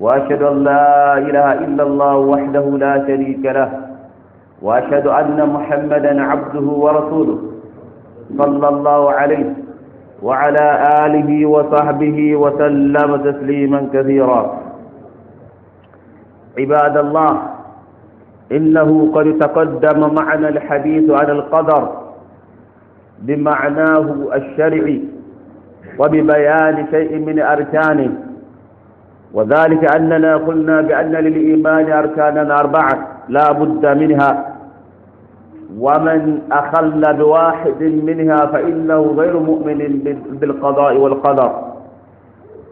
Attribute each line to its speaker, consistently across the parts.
Speaker 1: وأشهد أن لا إله إلا الله وحده لا شريك له وأشهد أن محمدا عبده ورسوله صلى الله عليه وعلى آله وصحبه وسلم تسليما كثيرا عباد الله إنه قد تقدم معنا الحديث عن القدر بمعناه الشرعي وببيان شيء من أركانه وذلك أننا قلنا بأن للإيمان أركانا أربعة لا بد منها ومن أخل بواحد منها فإنه غير مؤمن بالقضاء والقدر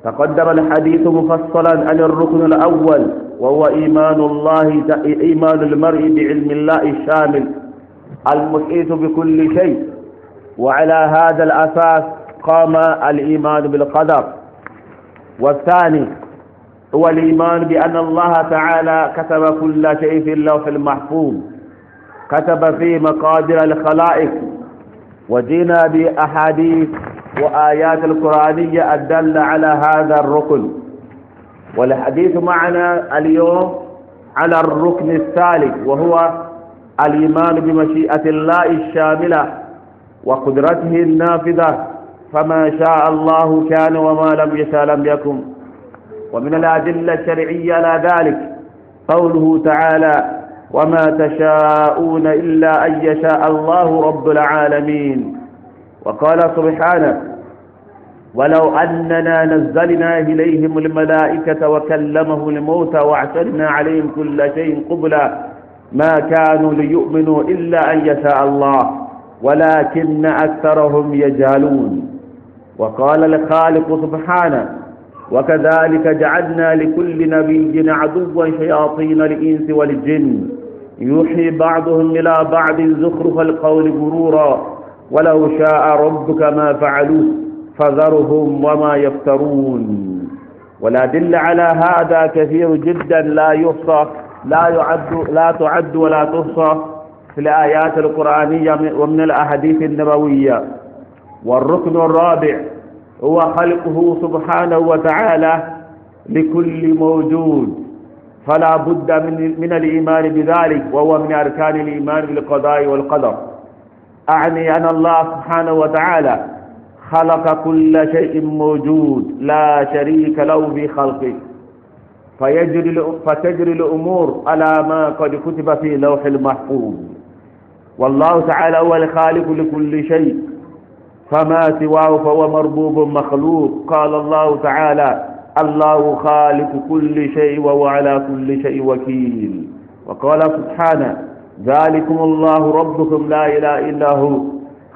Speaker 1: تقدم الحديث مفصلا عن الركن الأول وهو إيمان الله إيمان المرء بعلم الله الشامل المحيط بكل شيء وعلى هذا الأساس قام الإيمان بالقدر والثاني هو الإيمان بأن الله تعالى كتب كل شيء في اللوح المحفوظ كتب فيه مقادر الخلائق وجينا بأحاديث وآيات القرآنية الدل على هذا الركن والحديث معنا اليوم على الركن الثالث وهو الإيمان بمشيئة الله الشاملة وقدرته النافذة فما شاء الله كان وما لم يشاء لم يكن ومن الأدلة الشرعية على ذلك قوله تعالى وما تشاءون إلا أن يشاء الله رب العالمين وقال سبحانه ولو أننا نزلنا إليهم الملائكة وكلمه الموتى واعتدنا عليهم كل شيء قبلا ما كانوا ليؤمنوا إلا أن يشاء الله ولكن أكثرهم يجهلون وقال الخالق سبحانه وكذلك جعلنا لكل نبي عدوا شياطين الإنس والجن يوحي بعضهم إلى بعض زخرف القول غرورا ولو شاء ربك ما فعلوه فذرهم وما يفترون دل على هذا كثير جدا لا يحصى لا يعد لا تعد ولا تحصى في الآيات القرآنية ومن الأحاديث النبوية والركن الرابع هو خلقه سبحانه وتعالى لكل موجود فلا بد من من الايمان بذلك وهو من اركان الايمان بالقضاء والقدر اعني ان الله سبحانه وتعالى خلق كل شيء موجود لا شريك له في خلقه فيجري فتجري الامور على ما قد كتب في لوح المحفوظ والله تعالى هو الخالق لكل شيء فما سواه فهو مربوب مخلوق قال الله تعالى الله خالق كل شيء وهو على كل شيء وكيل وقال سبحانه ذلكم الله ربكم لا إله إلا هو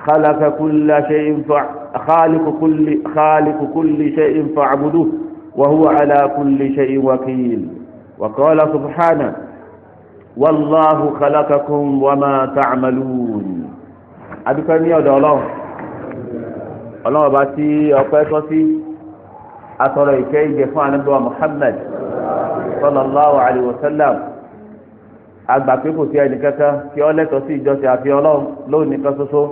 Speaker 1: خلق كل شيء خالق كل خالق كل شيء فاعبدوه وهو على كل شيء وكيل وقال سبحانه والله خلقكم وما تعملون أدفن يا الله ọlọ́wọ́n bá tí ọpẹ́ tọ́ sí atọ́rọ ìkẹ́ ìjẹ fún anábíwá Muhammad sallallahu alayhi wa sallam àgbà pé kò sí ẹnìkankan kí ọ lẹ́tọ̀ọ́ sí ìjọsìn àfi ọlọ́run lónìí kan ṣoṣo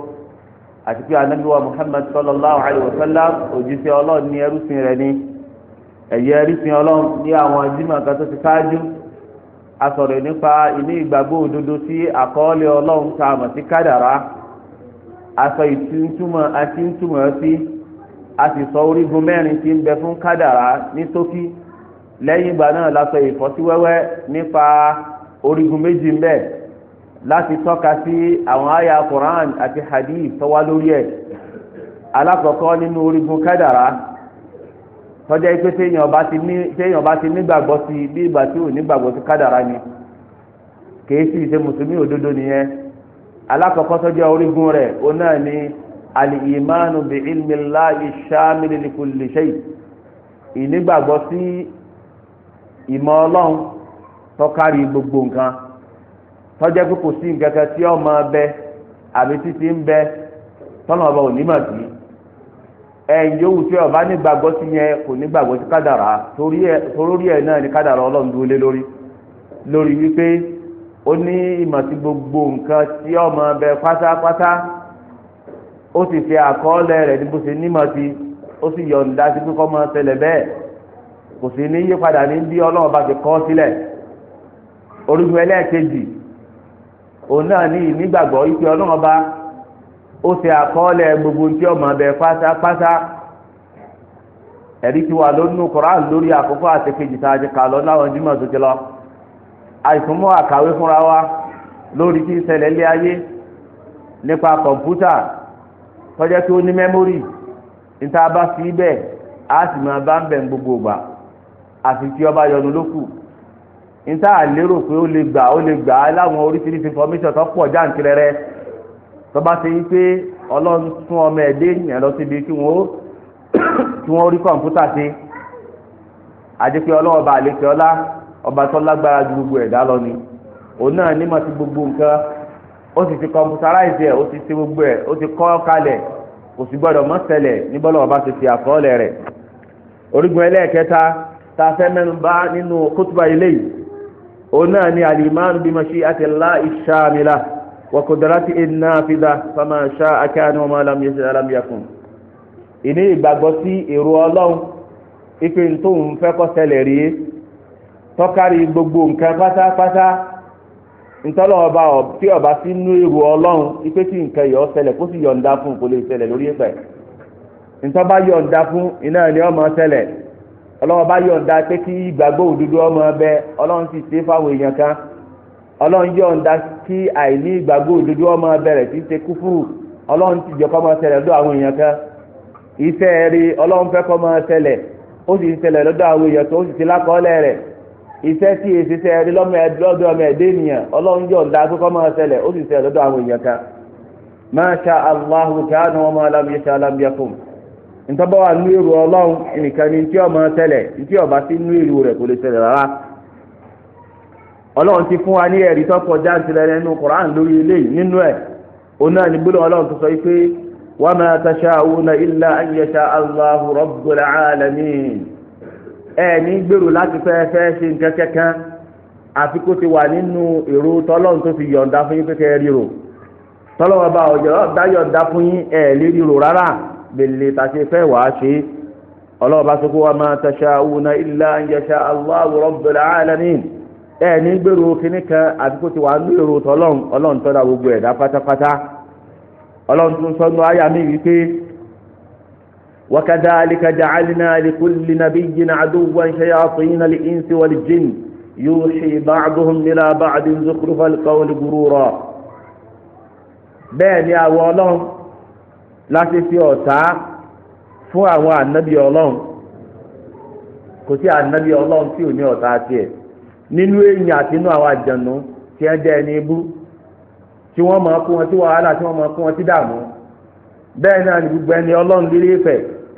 Speaker 1: àti pé anábíwá Muhammad sallallahu alayhi wa sallam òjíṣẹ́ ọlọ́run ní ẹrúsìn rẹ̀ ni ẹ̀yẹ ẹrúsìn ọlọ́run ní àwọn ìdímọ̀ kan tó ti káájú asọ̀rọ̀ nípa ìní ìgbàgbọ́ òdodo sí àkọọ́lẹ̀ ọlọ́run tá sí kádàrá aṣọ ìtúntúmọ̀ àti ìtúmọ̀ sí a sì sọ orígun mẹ́rin tí ń bẹ fún kádàrá ní ṣókí lẹ́yìn ìgbà náà la sọ ìfọ́síwẹ́wẹ́ nípa orígun méjì ń láti tọ́ka sí àwọn àyà Quran àti hadith tó wà lórí ẹ̀ alákọ̀ọ́kọ́ nínú orígun kádàrá tọ́jà pé téèyàn bá ti ní téèyàn bá ti nígbàgbọ́ sí bí ìgbà tí ò nígbàgbọ́ sí kádàrá ni kèé sì ṣe mùsùlùmí òdodo nìyẹn alákọ̀ọ́kọ́ tó jẹ́ orígun rẹ̀ ó náà ní alìyìmánu bí ilmi láàyè sáàmìlì nìkùlì ṣẹ́yì ìnígbàgbọ́ sí ìmọ̀ ọlọ́run tó kárí gbogbo nǹkan tó jẹ́ pé kò sí nǹkan kan tí ó máa bẹ àbí títí ń bẹ tọ́nà ọba ò ní mà sí ẹ̀yìn yòówù tí ọba nígbàgbọ́ sí yẹn kò nígbàgbọ́ sí kádàrá torí ẹ̀ náà ni kádàrá ọlọ́run dúró lé lórí lórí wípé. ó ní ìmọ̀ sí gbogbo nǹkan tí ọmọ bẹ pátápátá ó sì fi àkọọ́lẹ̀ rẹ̀ ní bó ṣe nímọ̀ sí ó sì yọ̀ǹda sí pé kọ́ ṣẹlẹ̀ bẹ́ẹ̀ kò sí ní yípadà ní bí ọlọ́run bá ti kọ́ sílẹ̀ orúkọ ẹlẹ́ẹ̀kejì òun náà ní ìnígbàgbọ́ ìpè ọlọ́run bá gbogbo tí ọmọ pátápátá ẹ̀rí ti wà lónú Kùránì lórí àkókò àti tá a ti kà àìsùnmọ́ àkàwé fúnra wa lórí tí ìṣẹ̀lẹ̀ lé ayé nípa kọ̀ǹpútà tọ́jẹ́ tó ní mẹ́mórì níta bá fi bẹ́ẹ̀ á sì máa bá ń bẹ̀ ń gbogbo gbà àfi tí ọba yọnu ló kù níta lérò pé ó lè gbà ó lè gbà á láwọn oríṣiríṣi information tó pọ̀ jáǹtirẹrẹ tó bá ti ń pé ọlọ́run tún ọmọ ẹ̀dẹ́ yẹn lọ síbi kí wọ́n kí wọ́n rí kọ̀ǹpútà sí àdékè ọlọ́wọ́ bá àlékè ọlá. ọba tó lágbára ju gbogbo ẹ̀dá lọ ni òun náà nímọ̀ sí gbogbo nǹkan ó sì ti kọmpútaráìsì ẹ̀ ó ti ṣe gbogbo ẹ̀ ó ti kọ́ kalẹ̀ kò sì gbọ́dọ̀ mọ́ ọba ti fi àkọọ́lẹ̀ rẹ̀ orígun ẹlẹ́ẹ̀kẹta tá a fẹ́ mẹ́nu bá nínú kótóbá ilé yìí òun náà ni alimán bí mashi'ati Allah ìṣàmìlá wa qudrati ìnáfidà fama sha'a ìní ìgbàgbọ́ sí èrò ọlọ́run ìpè ntòun tọ́kárí gbogbo nǹkan pátápátá ntọ́lọ́ọba tí ọba sí nú èrò ọlọ́run ipe tí nǹkan yọ ṣẹlẹ̀ kó sì yọ̀ǹda fún kò lè ṣẹlẹ̀ lórí ẹ̀pẹ̀ ntọ́ba yọ̀ǹda fún iná ni ọmọ ṣẹlẹ̀ ọlọ́ọba yọ̀ǹda pé kí ìgbàgbọ́ òdodo ọmọ ọlọ́run sì ṣe fáwọn èèyàn kan ọlọ́run yọ̀ǹda kí àìní ìgbàgbọ́ òdodo ọmọ ti iṣẹ́ tí èsì sẹ́ ẹ̀rí lọ́mọ ẹ̀dọ́dọ́ ọmọ ẹ̀dẹ́ ènìyàn ọlọ́run yóò da pé kọ́mọ ṣẹlẹ̀ ó sì ṣẹlẹ̀ lọ́dọ̀ àwọn èèyàn kan máa ṣa Allahu káànù ọmọ alámiyẹ ṣe wà nú ọlọ́run ni tí ọmọ tí ọba sí nú rẹ̀ kò lè ṣẹlẹ̀ rárá ọlọ́run ti fún wa ní ẹ̀rí ẹ ní gbèrò láti fẹ́ fẹ́ ṣe nǹkan kankan àfi kó ti wà nínú èrò tọ́lọ́run tó fi yọ̀ǹda fún yín pé kẹ́ ẹ ríro tọ́lọ́run ọ̀jọ̀ yọ̀ǹda fún yín ríro rárá gbèlè tàṣe fẹ́ wàá ṣe ọlọ́run bá sọ́kó wa gbèrò kínní kan àfi kó ti wà nínú èrò tọ́lọ́run ọlọ́run tọ́lá gbogbo ẹ̀dá pátápátá ọlọ́run وكذلك جعلنا لكل نبي عدوا شياطين الإنس والجن يوحي بعضهم إلى بعض زخرف القول غرورا bẹ́ẹ̀ ni àwọn ọlọ́run láti fi ọ̀tá fún àwọn ànábì ọlọ́run kò sí ànábì ọlọ́run tí ò ní ọ̀tá tiẹ̀ nínú èèyàn àti inú àwọn àjànú tí wọ́n jẹ́ ẹni ibú tí wọ́n máa kó wọn sí wàhálà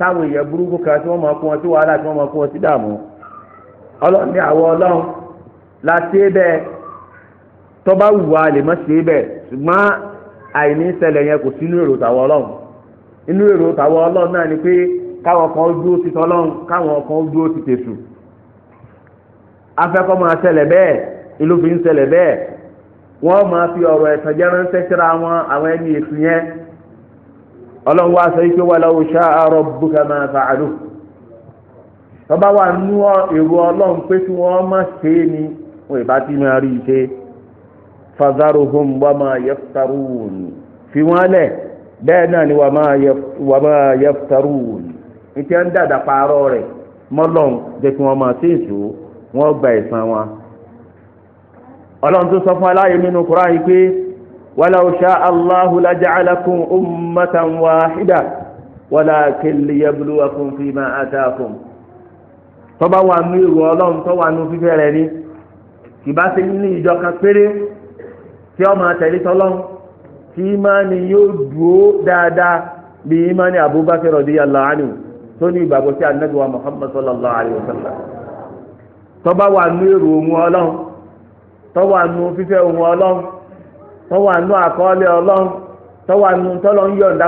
Speaker 1: táwọn èèyàn burúkú kan tí wọ́n máa kú wọn sí wàhálà tí wọ́n máa kú wọn sí dààmú ọlọ́run ní ọlọ́run la ṣe é bẹ́ẹ̀ tọ́ba wù wá lè má ṣe é bẹ́ẹ̀ ṣùgbọ́n àìní ṣẹlẹ̀ yẹn kò sí inú èrò tàwọn ọlọ́run inú èrò tàwọn ọlọ́run náà ni pé káwọn kan ó ti tọ́lọ́run káwọn kan ó ti afẹ́kọ́ máa ṣẹlẹ̀ bẹ́ẹ̀ ìlú fi ń ṣẹlẹ̀ bẹ́ẹ̀ ọlọ́run wá sọ ike wọlé oṣù àárọ̀ bùkà máa fàálù tọ́ba wà nú èrò ọlọ́run pé kí wọ́n má ṣe é ni wọn ìbá ti máa rí i ṣe fadaruhum wa ma yaftarun fi wọ́n lẹ̀ bẹ́ẹ̀ náà ni wa ma yaftarun ìtẹ́ ń dàda paarọ́ rẹ̀ mọ́lọ́n jẹ́ kí wọ́n máa ṣèṣù wọ́n gba ẹ̀san wọn ọlọ́run tó sọ fún aláyé nínú Kùránì ولو شاء الله لجعلكم أمة واحدة ولكن ليبلوكم فيما آتاكم tọ́ba wà nù ìrù ọlọ́run tó wà nù fífẹ́ rẹ̀ ni ìbá ṣe ní ìjọ kan péré tí ọmọ àtẹ̀lé tọ́lọ́run tí ìmáàní yóò dúró dáadáa bí ìmáàní Abubakar radiyallahu anhu tó ní ìgbàgbọ́ sí anabi wa Muhammad sallallahu alayhi wa sallam tọ́ba wà nù ìrù ohun ọlọ́run tọ́ba wà nù fífẹ́ ohun ọlọ́run wọ́n wà nù àkọọ́lẹ̀ ọlọ́run tọ́wọ́ àánú tọ́lọ́ ń yọ̀ǹda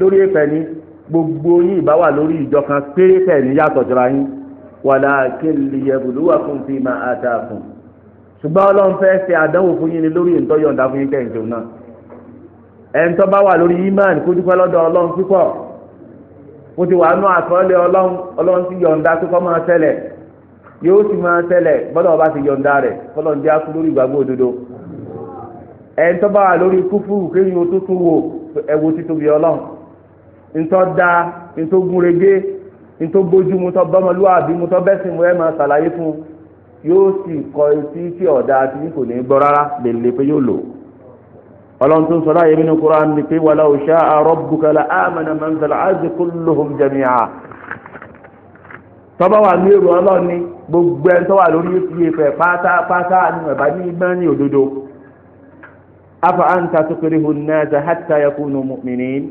Speaker 1: ọmọ gbogbo yín ìbá wà lórí kan péré jọra yín wàlá kéèlì yẹbùlúwà fún fi máa àtà ṣùgbọ́n ọlọ́run fẹ́ ṣe àdánwò fún yín ni lórí ìtọ́ yọ̀ǹda fún yín kẹ́hìntì náà bá wà lórí imán kó dúpẹ́ lọ́dọ̀ ọlọ́run púpọ̀ mo ti wà nù ọba ti yọ̀ǹda rẹ̀ kú lórí ìgbàgbọ́ òdodo ẹni tó bá wà lórí kúfúrú kéyìn o tó tún wò ẹwọ títóbi ọlọ́run ntọ́ da ntọ́ gúnrégé ntọ́ bójú mu tọ́ bọ́mọlúwàbí mu tọ́ bẹ́sìn mu ẹ̀ máa ṣàlàyé fún un yóò sì kọ etí tí ọ̀dà àti kò ní gbọ́ rárá lèlè pé yóò lò ọlọ́run tó ń sọ láàyè nínú Qur'an ni pé wàlá òṣà àrọ́bùkálà àmàna mọ́nsálà àti kúlùhùn jẹ̀míà tọ́ba wà ní èrò ọlọ́run gbogbo ẹni wà lórí ìfẹ́ pátápátá ni ẹ̀bá ní ìgbẹ́ ní òdodo afa anta tukrihu an-nasa hatta yakunu mu'minin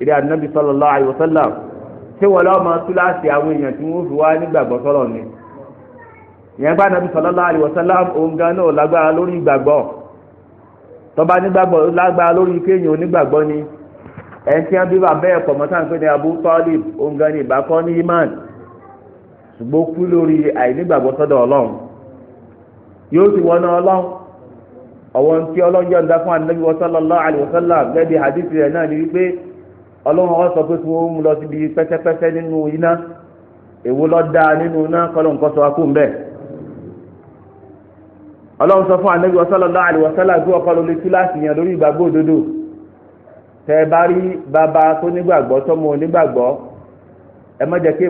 Speaker 1: ìdí ànábì sallallahu alaihi wasallam ṣé wọ́n lọ́ọ́ máa túláàsì àwọn èèyàn tí wọ́n fi wá nígbàgbọ́ sọ̀rọ̀ ni ìyẹn bá ànábì sallallahu alaihi wasallam òun gan náà lágbára lórí ìgbàgbọ́ tọ́ba nígbàgbọ́ lágbára lórí kéèyàn onígbàgbọ́ ni ẹnití wọn bí bàbá ẹ̀kọ́ mọ́tà ń pè ní Abu Talib ongan ní ìbákọ́ ní imán ṣùgbọ́n kú lórí àìnígbàgbọ́ sọ́dọ̀ ọlọ́run yóò ti wọná ọlọ́run àwọn tí ọlọ́njọ́ ń dá fún anabi sallallahu alaihi wasallam gẹ́gẹ́ bí hadith rẹ̀ náà ni wípé ọlọ́run ọ sọ pé kí wọ́n mú lọ síbi pẹ́sẹ́pẹ́sẹ́ nínú iná èwo ló dáa nínú iná kọ́lọ́ nǹkan sọ akú mbẹ́ ọlọ́run sọ fún anabi ọkọ lórí kíláàsì yẹn lórí ìgbàgbọ́ òdodo tẹ ẹ bá rí bàbá tó nígbàgbọ́ onígbàgbọ́ ẹ má jẹ́ kí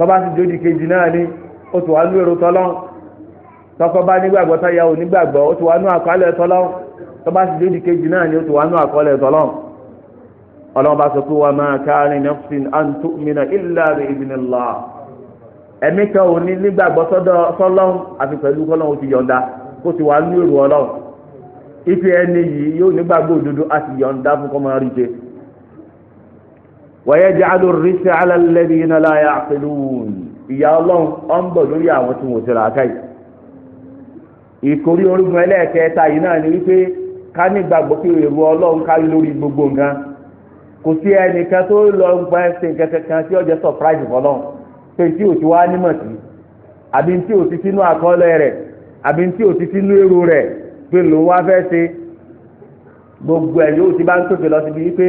Speaker 1: tọ́ba ti dójú kejì náà ni ó ti wá nú èrò tọ́lọ́n tọ́kọ bá nígbàgbọ́ táyà ò nígbàgbọ́ ó ti wá nú àkọọ́lẹ̀ tọ́lọ́n tọ́ba ti dójú kejì náà ni ó ti wá nú àkọọ́lẹ̀ tọ́lọ́n ọlọ́run bá sọ pé wà máa káàrin nafsin an tu'mina illa bi idhnillah ẹ̀mí kan ò ní nígbàgbọ́ sọ́lọ́run àfi pẹ̀lú kọ́lọ́run ó ti yọ̀ǹda kó ti wá nú èrò ọlọ́run ife ẹni yìí yóò nígbàgbọ́ òdodo àti yọ̀ǹda fún kọ́mọ ويجعل الرس على الذين لا يعقلون ìyà ọlọ́run ọ ń bọ̀ lórí àwọn tí wọ́n ti rà káyì ìkórí orígun ẹlẹ́ẹ̀kẹta yìí náà ni wípé ká nígbàgbọ́ pé èrò ọlọ́run kárí lórí gbogbo nǹkan kò sí ẹnìkan tó lọ ń gba ẹsẹ̀ kankan tí ọjọ́ surprise fọlọ́run pé tí ò ti wá nímọ̀ sí àbí tí ò ti sínú àkọọ́lẹ̀ rẹ̀ àbí tí ò ti sínú èrò rẹ̀ pé lòun wá fẹ́ ṣe gbogbo ẹ̀ yóò ti bá ń pèsè lọ síbi wípé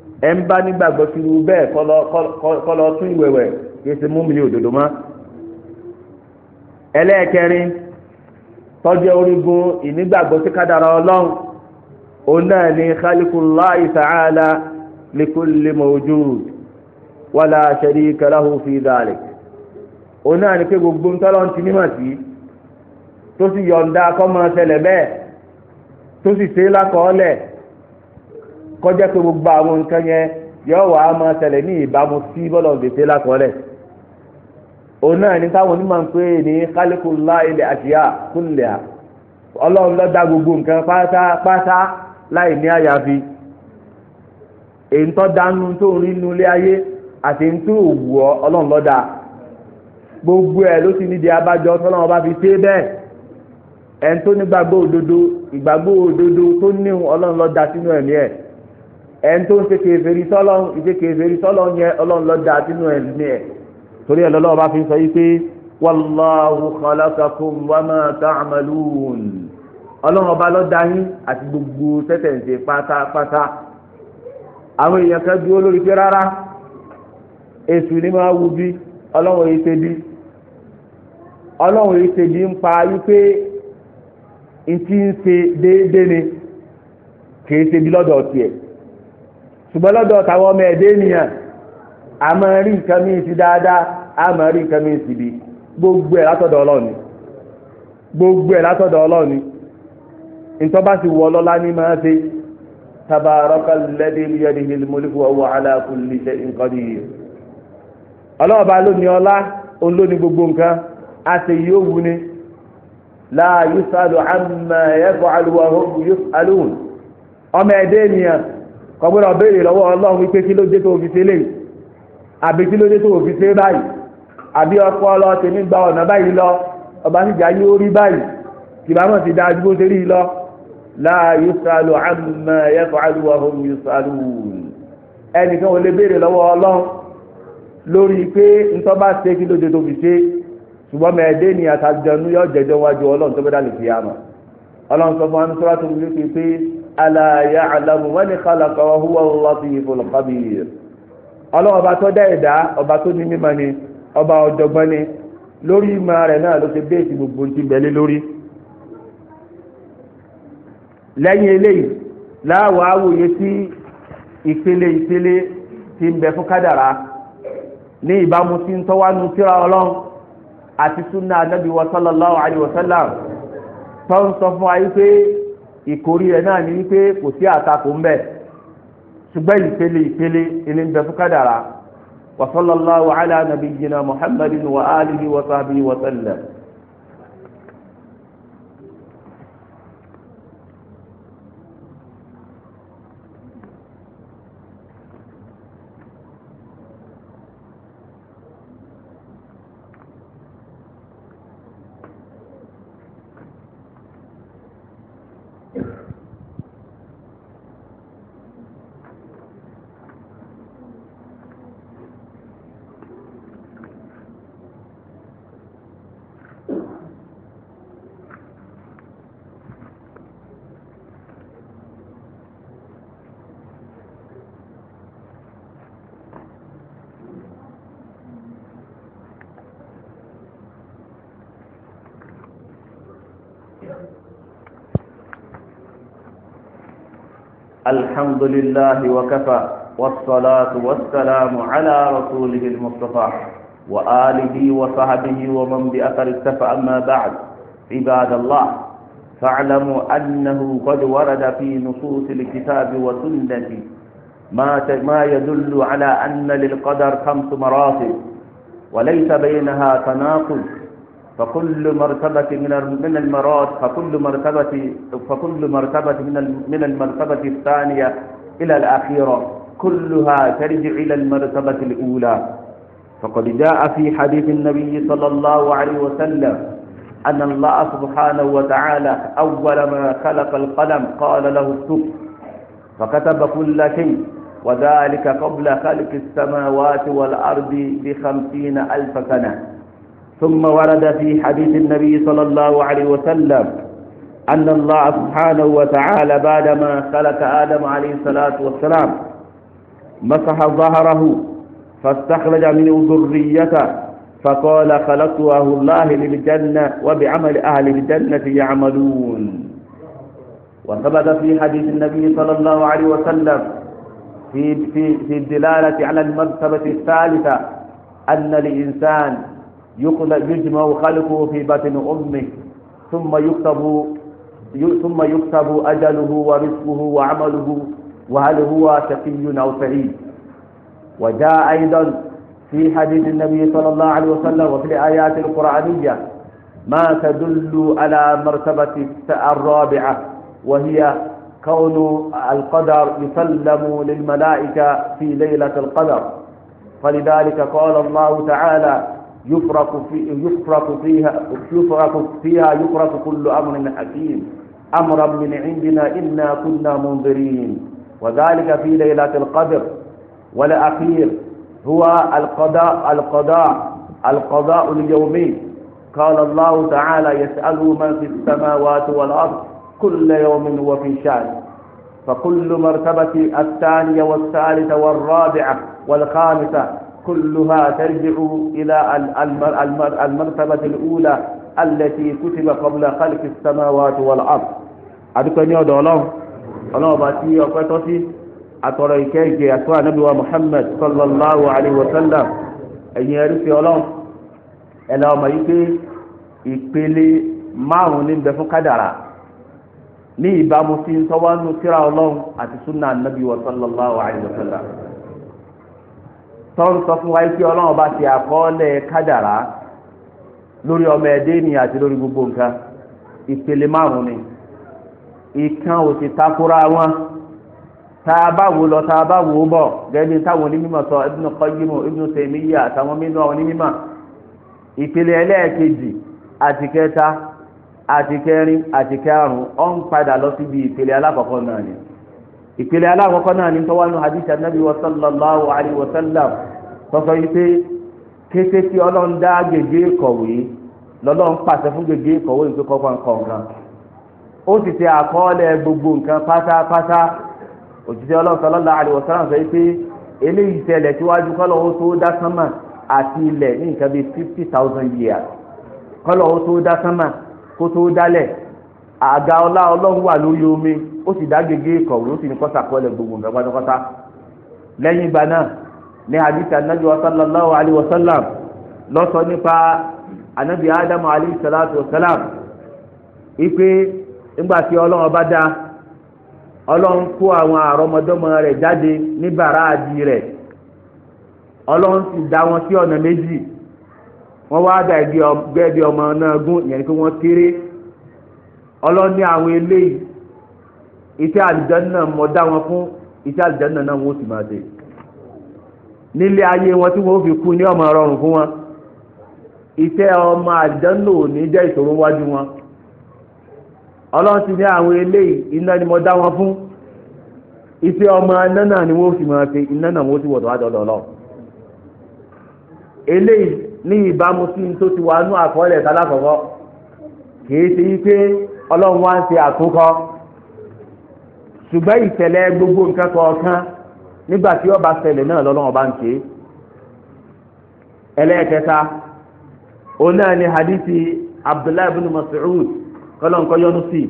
Speaker 1: ẹ̀ ń bá nígbàgbọ́ sí irú bẹ́ẹ̀ kọ́lọ́ tún ìwẹ̀wẹ̀ kí ṣe mú mi ní òdodo mọ́. ẹlẹ́ẹ̀kẹrin tọ́jú orígun ìnígbàgbọ́ sí kádàrá ọlọ́run òun náà ni khalikullahi ta'ala likulli mawjud wala sharika lahu fi dhalik òun náà ni pé gbogbo ń ń ti mímọ̀ sí tó sì yọ̀ǹda kọ́ mọ́ ṣẹlẹ̀ bẹ́ẹ̀ tó sì ṣe é lákọọ́lẹ̀ kọjá pé gbogbo àwọn nǹkan yẹn yóò wá máa ṣẹlẹ̀ ní ìbámu sí bọ́lọ̀ gbèsè lákọọ́lẹ̀ òun náà ní táwọn onímọ̀ ń pè ní kálíkùlá ilẹ̀ àṣìyá kúnlẹ̀ ọlọ́run ló dá gbogbo nǹkan pátápátá láì ní àyàfi èyí tó dánú tó ń rí nulẹ̀ ayé àti ń tó wù ọ́ ọlọ́run ló gbogbo ẹ̀ ló sì nídìí abájọ tọ́lọ́run bá fi ṣe bẹ́ẹ̀ ẹni tó nígbàgbọ́ òdodo ìgbàgbọ́ òdodo tó níhun ọlọ́run ló sínú ẹ̀mí ẹ̀ ẹni tó ń ṣe kèfèrí sọ́lọ́ ìṣe kèfèrí sọ́lọ́ yẹn ọlọ́run ló dá sínú ẹ̀mí ẹ̀ torí ẹ̀ lọ́lọ́wọ́ bá fi sọ yìí pé wallahu khalaqakum wa ma ta'malun ọlọ́run ọba ló dá yín àti gbogbo sẹ́tẹ̀ǹsẹ̀ pátápátá àwọn èèyàn kan dúró lórí pé rárá èṣù ni máa wù bí ọlọ́run yìí ṣe bí ọlọ́run yìí ṣe bí ń pa wípé n ti ń ṣe déédéé ni kì í ṣe bí lọ́dọ̀ tiẹ̀. ṣùgbọ́n tàwọn ọmọ ẹ̀dẹ́ ènìyàn a máa rí nǹkan sí dáadáa a rí nǹkan gbogbo ẹ̀ látọ̀dọ̀ ọlọ́ọ̀ni gbogbo ẹ̀ látọ̀dọ̀ ọlọ́ọ̀ni ntọ́ba sì wọ ọlọ́lá ní máa ṣe tabarakalladhi biyadihi al-mulku wa huwa ala gbogbo ọmọ ẹ̀dẹ́ kọ́gbọ́dọ̀ béèrè lọ́wọ́ ọlọ́run wípé kí ló dé tó fi ṣe léyìí àbí kí ló dé tó fi ṣe báyìí àbí ọkọ ọlọ tèmi gba ọ̀nà báyìí lọ ọba síjà yóò rí báyìí tìbámọ̀ ti da àdúgbò ṣe rí lọ la yusalu amma yaf'alu wa hum yusalun ẹnìkan ò lè béèrè lọ́wọ́ ọlọ́run lórí pé ntọ́ bá ṣe kí ló dé tó fi ṣe ṣùgbọ́n mẹ́ẹ̀ẹ́dẹ́ ni àtàjọ́nú yọ ala ya'lamu man khalaqa wa huwa al ọlọ́wọ́ ọba tó dá ẹ̀dá ọba tó ní ni ọba ni lórí ìmọ̀ rẹ̀ náà ló béèsì gbogbo ti bẹ̀lẹ́ lórí. lẹ́yìn eléyìí awòye sí ìpele ìpele ti ń bẹ fún kádàrá ní ìbámu sí ń tọ́wánu ọlọ́run àti súnà anábìwọ̀ ìkórí rẹ̀ náà ní wípé kò sí àtakò ńbẹ̀ ṣùgbọ́n ìpele ìpele ilé ń bẹ fún kádàrá wa sallallahu ala nabiyyina wa alihi wa sahbihi wa sallam. الحمد لله وكفى والصلاة والسلام على رسوله المصطفى وآله وصحبه ومن بأثر اكتفى أما بعد عباد الله فاعلموا أنه قد ورد في نصوص الكتاب وسنة ما ما يدل على أن للقدر خمس مراتب وليس بينها تناقض فكل مرتبة من من المراد فكل مرتبة فكل مرتبة من من المرتبة الثانية إلى الأخيرة كلها ترجع إلى المرتبة الأولى فقد جاء في حديث النبي صلى الله عليه وسلم أن الله سبحانه وتعالى أول ما خلق القلم قال له اكتب فكتب كل شيء وذلك قبل خلق السماوات والأرض بخمسين ألف سنة ثم ورد في حديث النبي صلى الله عليه وسلم أن الله سبحانه وتعالى بعدما خلق آدم عليه الصلاة والسلام مسح ظهره فاستخرج منه ذريته فقال خلقته الله للجنة وبعمل أهل الجنة يعملون وثبت في حديث النبي صلى الله عليه وسلم في في في الدلالة على المرتبة الثالثة أن الإنسان يجمع خلقه في بطن أمه ثم يكتب ثم يكتب أجله ورزقه وعمله وهل هو شقي أو سعيد وجاء أيضا في حديث النبي صلى الله عليه وسلم وفي الآيات القرآنية ما تدل على مرتبة الرابعة وهي كون القدر يسلم للملائكة في ليلة القدر فلذلك قال الله تعالى يفرق في يفرق فيها يفرق فيها يفرق كل امر حكيم امرا من عندنا انا كنا منذرين وذلك في ليله القدر والاخير هو القضاء القضاء القضاء اليومي قال الله تعالى يساله من في السماوات والارض كل يوم هو في شان فكل مرتبه الثانيه والثالثه والرابعه والخامسه كلها ترجع إلى المرتبة الأولى التي كتب قبل خلق السماوات والأرض adúpẹ́ ní ọ̀dọ̀ ọlọ́run ọlọ́run bá tí ọpẹ́ tọ́ sí àtọ̀rọ̀ ìkẹ́ ìgè àtọ́ ànábìwá muhammed sallallahu alayhi wa sallam ẹ̀yin ẹ̀rí fi ọlọ́run ẹ̀là ọmọ yìí pé ìpele márùn-ún ní bẹ fún kádàrà ní ìbámu sí ń tọ́wọ́ nù síra ọlọ́run àti súnà ànábìwá sallallahu alayhi wa sallam tọ́rọ sọ fún wa pé ọlọ́run bá ti àkọọ́lẹ̀ kádàrá lórí ọmọ ẹ̀dẹ́ ni àti lórí gbogbo nǹkan ìpele márùn ni ìkan ò sì takora wọn tá a bá wò lọ tá a bá wò ó bọ̀ gẹ́gẹ́ táwọn onímọ̀ sọ Ibn Qayyim Ibn Taymiyyah àtàwọn mìíràn onímọ̀ ìpele ẹlẹ́ẹ̀kejì àti kẹta àti kẹrin àti kẹrùn-ún ó padà lọ síbi ìpele alákọ̀ọ́kọ́ náà ni. ìpele alákọ̀ọ́kọ́ náà ní tọ́wọ́nù hadith anabi wa sallallahu alayhi wa sallam sọ́sọ́ yìí pé kété tí ọlọ́run dá gègé kọ̀wé lọ́lọ́run pàṣẹ fún gègé kọ̀wé ìpè gbogbo nǹkan pátápátá òjíṣẹ́ ọlọ́run sallallahu alayhi wa sọ yìí eléyìí ṣẹlẹ̀ tó dá sánmà àti ilẹ̀ ní nǹkan bíi fifty thousand years tó dá sánmà kó ó sì dá gègé kọ̀wé ó sì ní kọ́sà gbogbo nǹkan pátápátá lẹ́yìn ìgbà náà ní hadith anabi wa alayhi wa sallam lọ́sọ nípa anabi adamu alayhi salatu wa salam ipe ńgbà tí ọlọ́run bá dá ọlọ́run kó àwọn àrọ́mọdọ́mọ rẹ̀ jáde ní bàrá àdì rẹ̀ ọlọ́run sì dá wọn sí ọ̀nà méjì wọ́n wá ọmọ náà gún ìyẹn ni iṣẹ́ àlùjànnà mọ̀ dá wọn fún iṣẹ́ àlùjànnà náà wọ́n sì máa ṣe nílé ayé wọn tí wọ́n fi kú ní ọmọ rọrùn fún wọn iṣẹ́ ọmọ àlùjànnà ò ní jẹ́ ìṣòro wájú wọn ọlọ́run ti ní àwọn eléyìí iná ni mo dá wọn fún iṣẹ́ ọmọ iná náà ni wọ́n sì máa ṣe iná náà wọ́n sì wọ̀ tó wá dọ̀dọ̀ lọ eléyìí ní ìbámu sí tó ti wà nú àkọọ́lẹ̀ tálákọ̀ọ́kọ́ kì í ṣe wípé ọlọ́run wá ń ṣe àtúnkọ́ ṣùgbọ́n ìṣẹ̀lẹ̀ gbogbo nǹkan kọ̀ọ̀kan nígbà tí ó bá ṣẹlẹ̀ náà lọ́lọ́wọ́ bá ń ṣe ẹlẹ́ẹ̀kẹta òun náà ni hadithi abdullahi bin mas'ud kọ́lọ́nkọ́ yọnu sí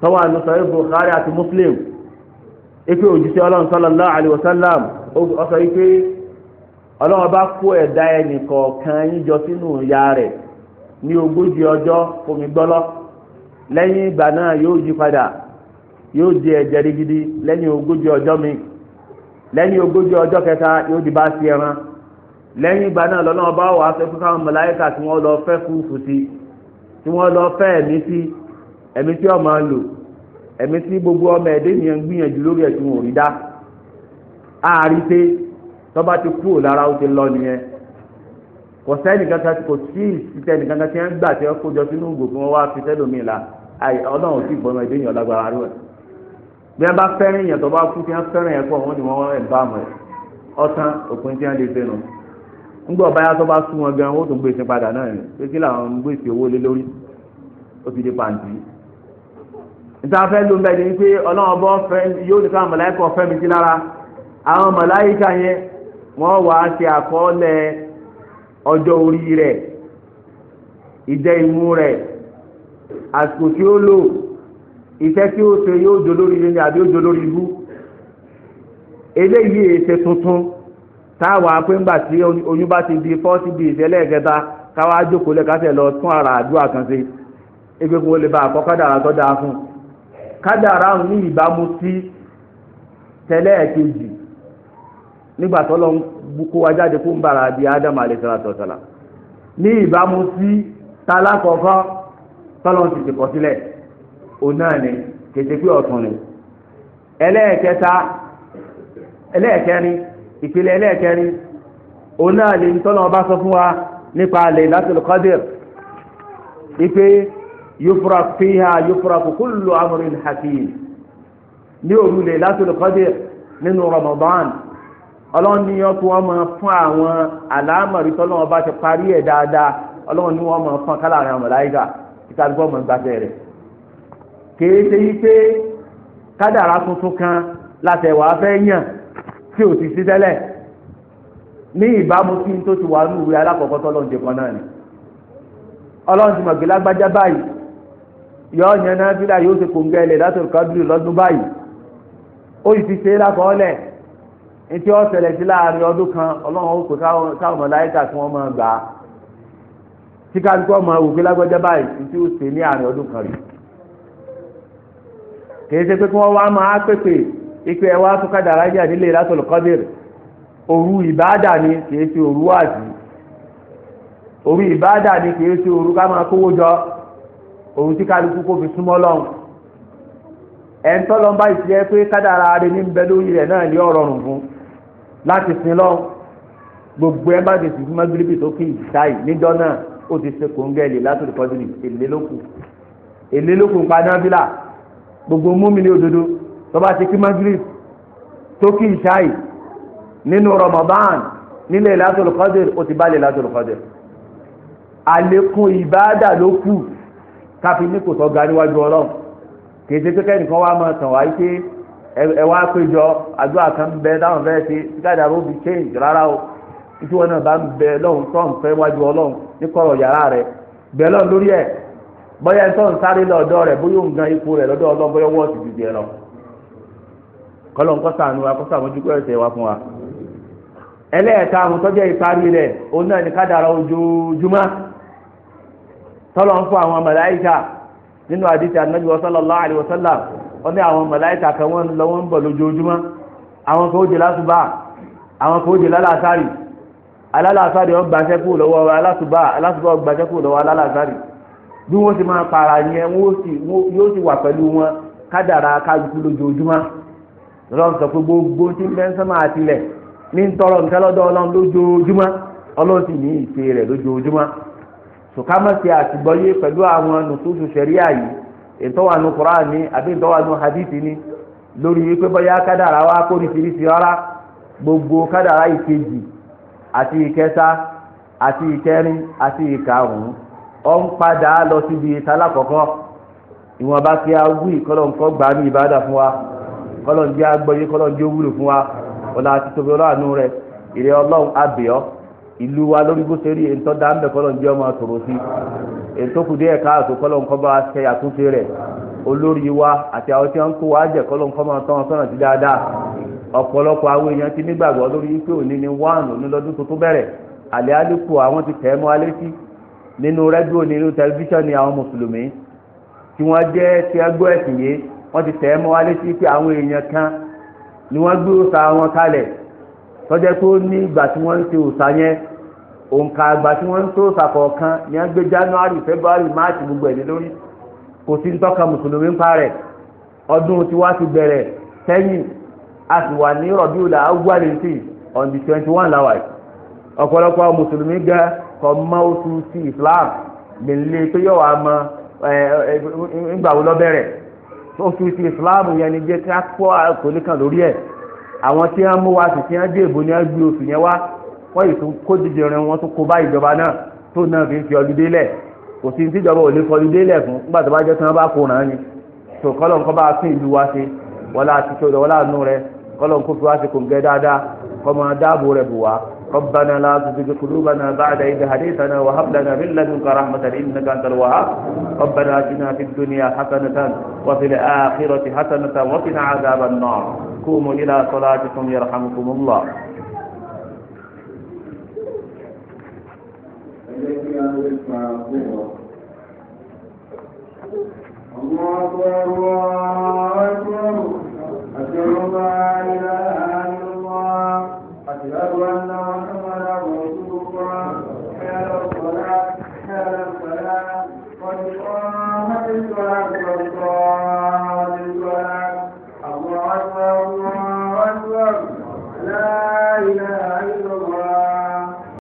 Speaker 1: tọ́wọ́ àlùsọ̀rọ̀ bukhari àti muslim ife òjíṣẹ́ ọlọ́run sallallahu alaihi wasallam ó ọlọ́run bá kó ẹ̀dá ẹnì kọ̀ọ̀kan yín jọ sínú ìyá rẹ̀ ní ogójì ọjọ́ omi gbọ́lọ́ lẹ́yìn ìgbà náà yóò yí padà yóò di ẹ̀jẹ̀ rigidi lẹ́yìn ogójì ọjọ́ mi lẹ́yìn ogójì ọjọ́ kẹta yóò di bá sí ẹran lẹ́yìn ìgbà náà lọ́nà ọba wà á fẹ́ fún káwọn mọ̀láyíkà tí wọ́n lọ fẹ́ fúfú sí tí wọ́n lọ fẹ́ ẹ̀mí sí ẹ̀mí tí ọmọ ń gbogbo ọmọ ẹ̀dẹ́ ni ń gbìyànjú lórí ẹ̀ tí wọ́n a rí dá ààrí pé tọ́ba ti kúrò lára ó ti lọ nìyẹn kò sẹ́ni kankan kò sí ìsìtẹ́ni kankan tí wọ́n gbà tí wọ́n kó jọ sínú bí wọ́n bá fẹ́ràn yẹn tó bá kú tí wọ́n fẹ́ràn yẹn pọ̀ wọ́n ni wọ́n ẹ̀ bá mọ̀ ẹ̀ ọ̀tán òpin tí wọ́n lè fẹ́ nu ńgbọ́ ọ̀báyá tó bá sú wọn gan wọ́n tún gbèsè e padà náà ni pé kí làwọn ń gbèsè owó lé lórí ó ti di pàǹtí. níta fẹ́ ló ń bẹ ni pé ọlọ́run bọ́ fẹ́ yóò ní káwọn mọ̀láyíkà ọ̀fẹ́ sí lára àwọn mọ̀láyíkà yẹn wọ́n wàá ṣe àkọọ́lẹ̀ ọjọ́ orí rẹ̀ ìjẹ́ imú rẹ̀ àsìkò tí ó lò iṣẹ́ tí ó ṣe yóò jọ lórí ilé ni àbí ó jọ lórí ibú eléyìí èsè e tuntun táwa pé ńgbà tí oyún bá ti di forty days ẹlẹ́ẹ̀kẹta káwa jókòó lẹ́kàtẹ̀ lọ tún ara àdúrà kan ṣe egbèkùn olè bá àkọ́ kádàrà tó dáa fún kádàrà ní ìbámu sí tẹ́lẹ̀ kejì nígbà tó lọ ń kó wa jáde fún bàrà di ádámù àlẹ́sàlátọ̀sàlà ní ìbámu sí tálákọ̀ọ́kọ́ tọ́lọ́ ti ti kọ́ sílẹ̀ òun náà ni kèsè pé ọ̀tún ni ẹlẹ́ẹ̀kẹta ẹlẹ́ẹ̀kẹrin ìpìlẹ̀ ni ntọ́nà ọba sọ fún wa nípa Laylatul Qadr ipe kullu amrin hakim ní òru Laylatul nínú Ramadan ọlọ́run ní yọ máa fún àwọn ọba ti parí ẹ̀ dáadáa ọlọ́run ní wọ́n máa fún kálá àwọn màláíkà kíkà gbọ́ mọ̀ rẹ̀. kèé ṣe yí pé kádàrá tuntun kan látẹ̀wá fẹ́ yàn tí ò ti sí tẹ́lẹ̀ ní ìbámu sí tó ti wà nínú ìwé alákọ̀ọ́kọ́ tọ́lọ́run jẹ kan náà ni ọlọ́run ti mọ̀gbé lágbájá báyìí yọ yẹn náà fílà yóò ṣe kòǹgẹ́ ilẹ̀ látòrí kábírì lọ́dún báyìí ó sì ti ṣe é lákọọ́lẹ̀ etí ó ṣẹlẹ̀ sí láàrin ọdún kan ọlọ́run ó pè káwọn ọmọláyíkà tí wọ́n máa gbà á tí kálukọ́ máa wò pé lágbájá báyìí tí ó ṣe ní àárín ọdún kan rèé kìí ṣe pé kí wọ́n wá máa pèpè ipe ẹwà fúkàdà rájà nílé látọ̀lù kọ́dìrì òru ìbáàdà ni kìí ṣe òru wáàzì òru ìbáàdà ni kìí ṣe òru ká máa kówó jọ òru tí kálukú kó fi súnmọ́ lọ́hùn ẹ̀ńtọ́lọ́mbà ìṣẹ́ pé kádàrá rẹ ní bẹ lórí rẹ̀ náà ní ọ̀rọ̀ rùn fún láti sin lọ́hùn gbogbo ẹ bá ti sì fún mẹ́gbìlì tó kí ìsáì níjọ́ náà ó ti ṣe kòńgẹ́lì látọ̀lù èlé lókun èlé lókun padà bílà gbogbo múmi ní òdodo tó bá ti kí magrib tó kí ìṣáì nínú Ramadan nílẹ̀ Lailatul Qadr ó ti bá Lailatul Qadr àlékún ìbáàdà ló kù káfí ní kò tó ga níwájú ọlọ́run kèsì kékeré nìkan wá máa tàn wáyé pé ẹ wá péjọ àdúrà kan bẹ dáhùn fẹ́ẹ́ ṣe sígáàdà ló fi change rárá o ìṣúwọ́n náà bá ń bẹ lọ́hùn tó ń fẹ́ wájú ọlọ́run ní kọ̀rọ̀ yàrá rẹ̀ bẹ́ẹ̀ lọ́hùn lórí ẹ̀ bóyá ń tọ́ ń sáré lọ́dọ̀ rẹ̀ bóyá ń gan ipò rẹ̀ lọ́dọ̀ ọlọ́run bóyá wọ́ọ̀sì ju tiẹ̀ lọ kọ́lọ̀ ń kọ́sà àánú wa kọ́sà àmójúkọ́ ẹ̀sẹ̀ wa fún wa ẹlẹ́ẹ̀ta àwọn tọ́jọ́ ìparí rẹ̀ òun náà ní kádàrá ojoojúmọ́ tọ́lọ̀ ń fún àwọn màláíkà nínú àdìsí ànábì sallallahu alaihi wasallam ó ní àwọn màláíkà kan wọ́n lọ wọ́n ń bọ̀ lójoojúmọ́ àwọn kan ó jẹ lásùbà àwọn kan ó jẹ lálàásárì alálàásárì ó gbàṣẹ́ kúrò lọ́wọ́ alásùbà alásùbà ó gbàṣẹ́ kúrò lọ́wọ́ alálàásárì bí wọ́n ti máa para yẹn yóò sì wà pẹ̀lú wọn kádàrá kájúkú lójoojúmọ́ lọ́n sọ pé gbogbo tí ń bẹ́ ń sánmà àtìlẹ̀ ní ń tọrọ nǹkan lọ́dọ̀ ọlọ́run lójoojúmọ́ ọlọ́run sì ní ìṣe rẹ̀ lójoojúmọ́ sùkámọ́sí àtìgbọ́yé pẹ̀lú àwọn yìí ìtọ́wànú ni àbí ìtọ́wànú hadithi ni lórí wípé kádàrá wa kó gbogbo kádàrá ìkejì àti ìkẹta àti ìkẹrin àti ìkarùn-ún ọ ń padà lọ síbi ìtàlákọ̀ọ́kọ́ ìwọ̀nba kí a wí kọ́lọ́nkọ́ gbà ní ìbádà fún wa kọ́lọ́njẹ́ agbọ́yé kọ́lọ́njẹ́ wúlò fún wa ọ̀là àti tòbí ọlọ́àánú rẹ ìrẹ́ ọlọ́run abẹ́ọ́ ìlú wa lórí bó ṣe rí ètò ọmọ sí ètò kùdé ẹ̀ka àtò bá ṣe àtúnṣe rẹ̀ olórí wa àti àwọn tí kó wa máa tán sọ́nà sí dáadáa ọ̀pọ̀lọpọ̀ àwọn èèyàn ti nígbàgbọ́ lórí pé òní ni tuntun nínú rẹ́díò nínú tẹlifíṣàn ni àwọn mùsùlùmí tí wọ́n jẹ́ tí wọ́n ẹ̀sìn yé wọ́n ti tẹ̀ ẹ́ mọ́ wálé sí pé àwọn èèyàn kan ni wọ́n gbé òòṣà wọn kalẹ̀ tọ́jẹ́ tó ní ìgbà tí wọ́n ń ṣe òòṣà yẹn òǹkà àgbà tí wọ́n ń tó òòṣà kọ̀ọ̀kan ni wọ́n gbé january february march gbogbo ẹ̀ lé lórí kò sí ntọ́ka mùsùlùmí ń parẹ̀ ọdún tí wàá ti bẹ̀rẹ̀ sẹ́yìn a sì wà ní rọ̀bíùlà awúgbàlẹ̀ sí on the twenty one láwàá ọ̀pọ̀lọpọ̀ mùsùlùmí gan kọ́ mọ́ oṣù sí islam nílé pé yóò wá mọ ńgbà wo lọ́bẹ̀rẹ̀ oṣù sí islam yẹn ni jẹ́ kí á kó àkọlé kan lórí ẹ̀ àwọn tí wọ́n mú wa sì tí wọ́n dé ìbò ni wọ́n gbé oṣù yẹn wá wọ́n yìí tún kó dídì rin wọn tún kó bá ìjọba náà tó náà fi ń fi ọlú délẹ̀ kò sí tíjọba ò lè fọlú délẹ̀ fún nígbà tó bá jẹ́ tí wọ́n bá kó ràn án ni tó kọ́lọ̀ nǹkan bá fún ìlú wa ṣe wọ́lá àti tó lọ wọ́lá àánú rẹ kọ́lọ̀ nǹkan fi wá ṣe ربنا لا تزغ قلوبنا بعد إذ هديتنا وهب لنا من لدنك رحمة إنك أنت الوهاب ربنا آتنا في الدنيا حسنة وفي الآخرة حسنة وقنا عذاب النار قوموا إلى صلاتكم يرحمكم الله الله أكبر الله أكبر أشهد أن لا إله إلا أشهد أن محمدا رسول الله حال الصلاة حال الصلاة قد قامت الصلاة قد قامت الصلاة الله أكبر الله أكبر لا إله